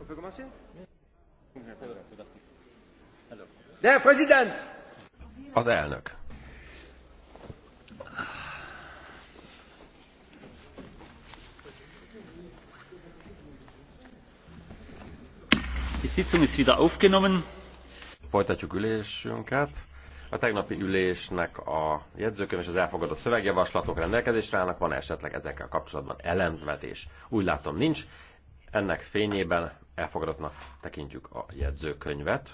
On peut commencer Der Präsident! Az elnök. Die Sitzung ist wieder aufgenommen. Folytatjuk ülésünket. A tegnapi ülésnek a jegyzőkön és az elfogadott szövegjavaslatok rendelkezésre állnak, van -e esetleg ezekkel kapcsolatban ellentvetés? Úgy látom nincs. Ennek fényében elfogadottnak tekintjük a jegyzőkönyvet.